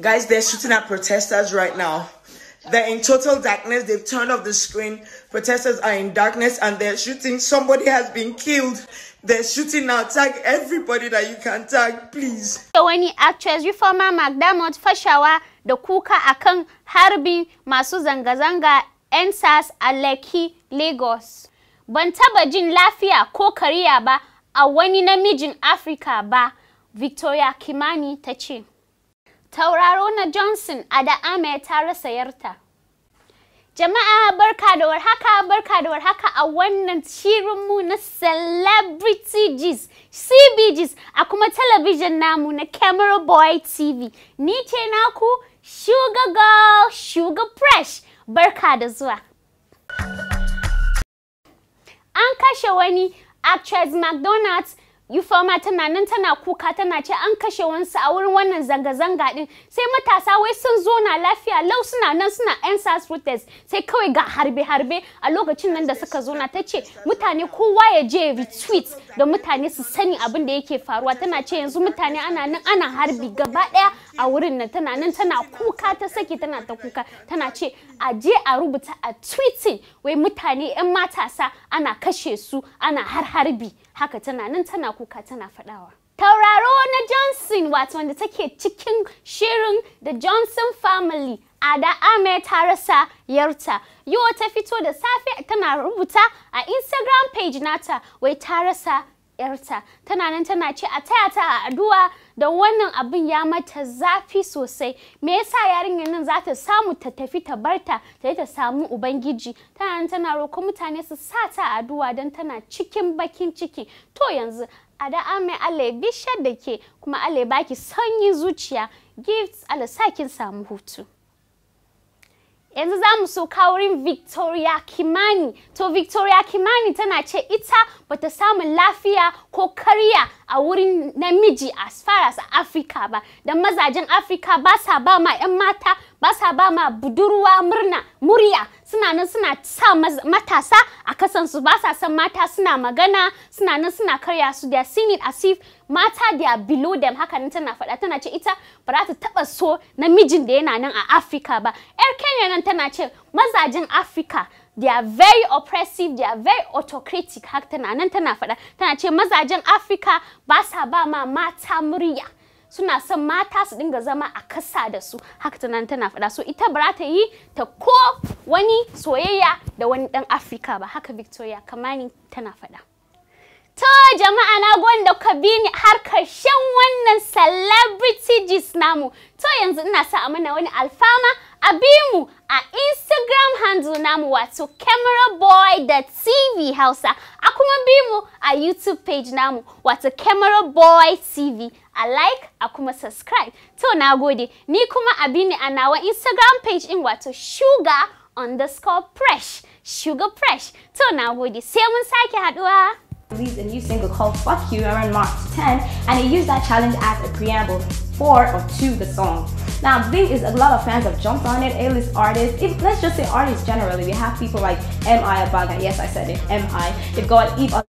Guys, they're shooting at protesters right now. They're in total darkness. They've turned off the screen. Protesters are in darkness and they're shooting. Somebody has been killed. They're shooting now. Tag everybody that you can tag, please. Wani actress reformer McDermott fashawa da kuka akan harbin masu zanga-zanga 'yan sas Lagos. Ban jin lafiya ko kariya ba a wani namijin Afirka ba, Victoria Kimani ta Tauraro na Johnson a da Ame ta rasa yarta. Jama'a barka da warhaka barka da warhaka a wannan shirinmu na Celebrity G's, CBG's a kuma talabijin namu na Camera Boy TV. Ni ce naku Sugar Girl Sugar Fresh barka da zuwa. An kashe wani actress McDonald's Yufa ma tana nan tana kuka tana ce an kashe wansu a wurin wannan zanga-zanga din sai matasa wai sun zo na lafiya lau suna nan suna yan sas sai kawai ga harbe-harbe a lokacin nan da suka zo na ta ce mutane kowa ya je retweet da mutane su sani abin da yake faruwa tana ce yanzu mutane ana nan ana harbi gaba daya a wurin nan tana nan tana kuka ta saki tana ta kuka tana ce a je a rubuta a tweeting wai mutane yan matasa ana kashe su ana har harbi haka tana nan tana kuka tana faɗawa. Tauraro na Johnson wato wanda take cikin shirin da Johnson Family a da Ame ta rasa yarta. Yiwa ta fito da safe tana rubuta a Instagram page nata wai ta rasa yarta. Tana nan tana ce a taya ta a addu'a da wannan abin ya mata zafi sosai. Me yasa yarinyar nan za ta samu ta tafi ta barta ta ta samu ubangiji. Tana nan tana roƙo mutane su sa ta addu'a don tana cikin bakin ciki. To yanzu a da amin Allah ya da ke kuma Allah ya baki sanyin zuciya gifts Allah sa samu hutu. yanzu za mu so kawurin Victoria Kimani. To Victoria Kimani tana ce ita bata samu lafiya ko karya a wurin namiji as far as Africa ba. da mazajen Africa ba sa ba ma 'yan mata, ba sa ba ma budurwa murna, murya. suna nan suna sa matasa a kasansu ba sa san mata suna magana suna nan suna karya su da singing asif mata da below them haka nan tana faɗa tana ce ita ba za ta taɓa so na mijin da yana nan a Africa ba yar Kenya nan tana ce mazajin Africa they are very oppressive they are very autocratic haka tana nan tana faɗa tana ce mazajen Africa ba sa ba ma mata murya suna son mata su dinga zama a kasa da su haka tunan tana faɗa so ita ba ta yi ta ko wani soyayya da wani ɗan afirka ba haka victoria kamani tana faɗa to jama'a na gode da kuka bi ni har karshen wannan celebrity gist namu to yanzu ina sa a mana wani alfama abimu a instagram handle namu watu camera boy da tv hausa a kuma bimu a youtube page namu watu camera boy tv a like a subscribe to na gode ni kuma abini anawa instagram page in watu sugar underscore fresh sugar fresh to na gode sai mun sake haduwa released a new single called Fuck You around March 10 and it used that challenge as a preamble for or to the song. Now, this is, a lot of fans have jumped on it, A-list artists, if, let's just say artists generally. We have people like M.I. Abaga, yes, I said it, M.I. they have got Eve